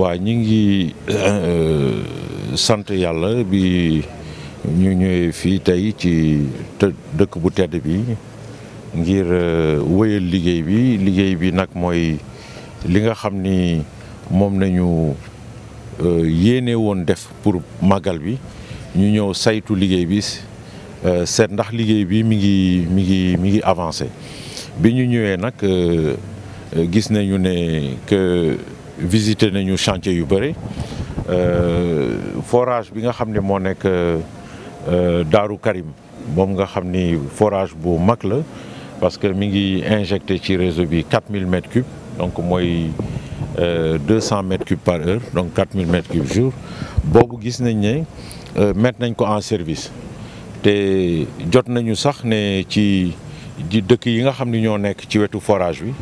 waaw ñi ngi euh, sant yàlla bi ñu ñëwee fii tey ci dëkk bu tedd bi ngir euh, wëyal liggéey bi liggéey bi nag mooy li nga xam ni moom nañu euh, yéene woon def pour màggal bi ñu ñëw saytu liggéey bi seet ndax liggéey bi mi ngi mi ngi mi ngi avancé bi ñu ñëwee nag gis nañu ne que visité nañu chantier yu bëri euh, forage bi nga xam ni moo nekk euh, Daaru Karim moom nga xam ni forage bu mag la parce que mi ngi injecté ci réseau bi 4000 mètres cubes donc mooy 200 euh, mètres cubes par heure donc 4000 mètres cubes jour boobu gis nañ ne mettre nañ ko en service te jot nañu sax ne ci dëkk yi nga xam ni ñoo nekk ci wetu forage bi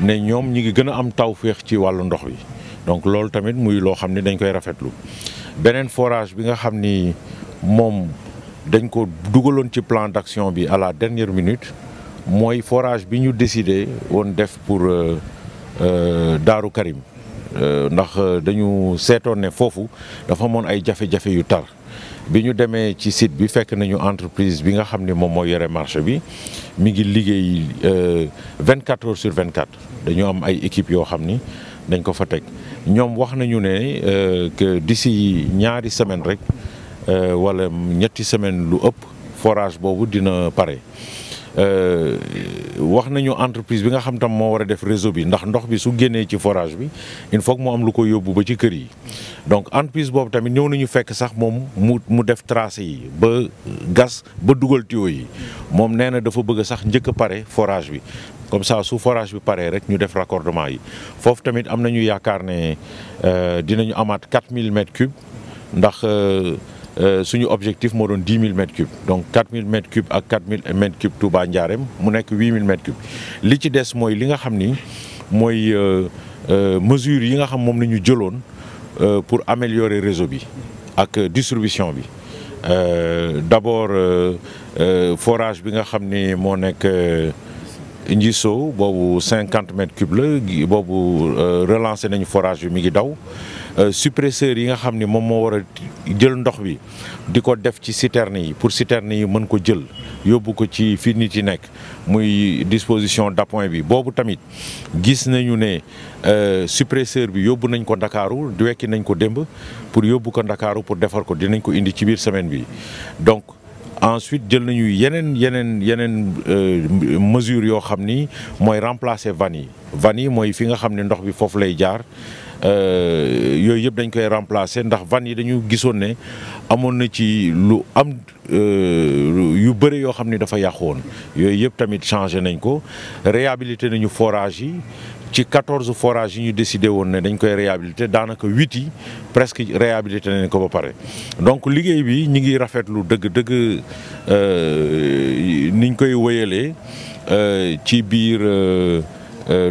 ne ñoom ñi ngi gën a am tawféex ci wàllu ndox bi donc loolu tamit muy loo xam ni dañ koy rafetlu beneen forage bi nga xam ni moom dañ ko dugaloon ci plan d'action bi à la dernière minute mooy forage bi ñu décidé woon def pour euh, euh, Daaru Karim Euh, ndax euh, dañu seetoon ne foofu dafa amoon ay jafe-jafe yu tar bi ñu demee ci site bi fekk nañu entreprise bi nga xam ni moom moo yore marché bi mi ngi liggéey euh, vingt 24 heures sur 24 dañu am ay équipe yoo xam ni dañ ko fa teg ñoom wax nañu ne que si ñaari semaine rek wala ñetti semaine lu ëpp forage boobu dina pare. Euh, wax nañu entreprise bi nga xam tam moo war a def réseau bi ndax ndox bi su génnee ci forage bi il faut que mu am lu ko yóbbu ba ci kër yi donc entreprise boobu tamit ñëw nañu fekk sax moom mu mu def tracé yi ba gas ba dugal tuyau yi moom nee na dafa bëgg sax njëkk a pare forage bi comme ça su forage bi paree rek ñu def raccordement yi foofu tamit am nañu yaakaar ne euh, dinañu amaat 4000 mètres cubes ndax. Euh, Euh, suñu objectif moo doon dix mille mètres cubes donc quatre mille mètres cubes ak quatre mille mètres cubes Touba Ndiarème mu nekk huit mille li ci des mooy li nga xam ni mooy euh, euh, mesures yi nga xam moom la ñu jëloon pour améliorer réseau bi ak distribution bi d'abord forage bi nga xam ni moo nekk. Ndisso boobu cinquante mètres cubes la boobu euh, relancé nañu forage bi mi ngi daw euh, suppresseur yi nga xam ni moom moo war a jël ndox bi di ko def ci citernes yi pour citernes yi mën ko jël yóbbu ko ci fii nit yi nekk muy disposition d'appoint bi boobu tamit gis nañu ne euh, suppresseur bi yóbbu nañ ko Ndakaaru di wekki nañ ko démb pour yóbbu ko Ndakaaru pour defar ko dinañ ko indi ci biir semaine bi ensuite jël nañu yeneen yeneen yeneen euh, mesures yoo xam ni mooy remplacer vannes yi vannes yi mooy fi nga xam ne ndox bi foofu lay jaar euh, yooyu yëpp dañ koy remplacer ndax vannes yi dañu gisoon ne amoon na ci lu am euh, yu bëri yoo xam ni dafa yàqu woon yooyu yëpp tamit changé nañ ko réhabilité nañu forage yi ci quatorze forage yi ñu décidé woon ne dañ koy réhabilité daanaka huit yi presque réhabilité nañ ko ba pare donc liggéey bi ñu ngi rafetlu dëgg dëgg euh, niñ koy wéyalee euh, ci biir euh,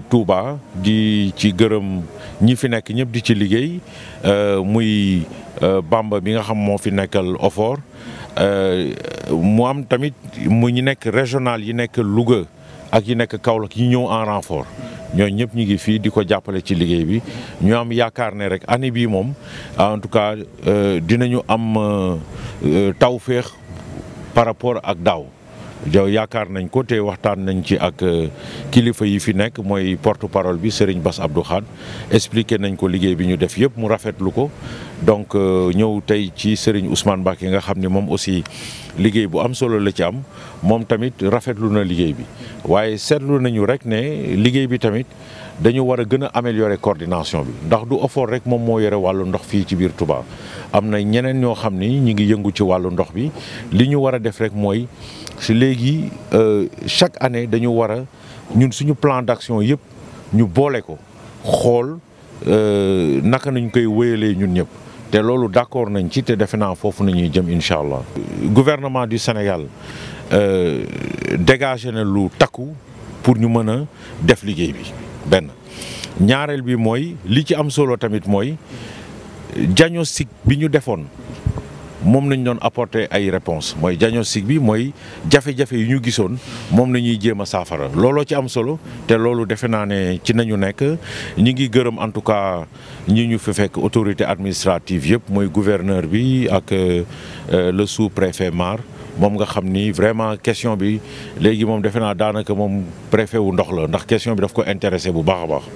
Touba di ci gërëm ñi fi nekk ñëpp di ci liggéey muy Bamba bi nga xam moo fi nekkal Ofor mu am tamit mu ñu nekk régional yi nekk Louga ak yi nekk Kaolack yi ñëw en renfort ñooñu ñëpp ñu ngi fii di ko jàppale ci liggéey bi ñu am yaakaar ne rek année bii moom en tout cas euh, dinañu am euh, euh, tawféex par rapport ak daaw. jaw yaakaar nañ ko te waxtaan nañ ci ak euh, kilifa yi fi nekk mooy porte parole bi Serigne Bass Abdou Khad expliqué nañ ko liggéey bi ñu def yëpp mu rafetlu ko donc euh, ñëw tey ci Serigne Ousmane Mbacke nga xam ne moom aussi liggéey bu am solo la ci am moom tamit rafetlu na liggéey bi waaye seetlu nañu rek ne liggéey bi tamit dañu war a gën a améliorer coordination bi ndax du OFOR rek moom moo yore wàllu ndox fii ci biir tubaab am na ñeneen ñoo xam ni ñu ngi yëngu ci wàllu ndox bi li ñu war a def mooy si léegi euh, chaque année dañu war a ñun suñu plan d'action yëpp ñu boole ko xool euh, naka nañ koy wéyalee ñun ñëpp te loolu d'accord nañ ci te defe naa foofu nañuy jëm incha allah. gouvernement du Sénégal euh, dégagé na lu takku pour ñu mën a def liggéey bi benn ñaareel bi mooy li ci am solo tamit mooy diagnostic bi ñu defoon. moom nañ doon apporter ay réponses mooy diagnostic bi mooy jafe-jafe yu ñu gisoon moom la ñuy jéem a saafara looloo ci am solo te loolu defe naa ne ci nañu nekk ñi ngi gërëm en tout cas ñi ñu fi fekk autorité administrative yëpp mooy gouverneur bi ak euh, le sous-préfet Mar moom nga xam ni vraiment question bi léegi moom defe naa daanaka moom préfet wu ndox la ndax question bi daf ko intéressé bu baax a baax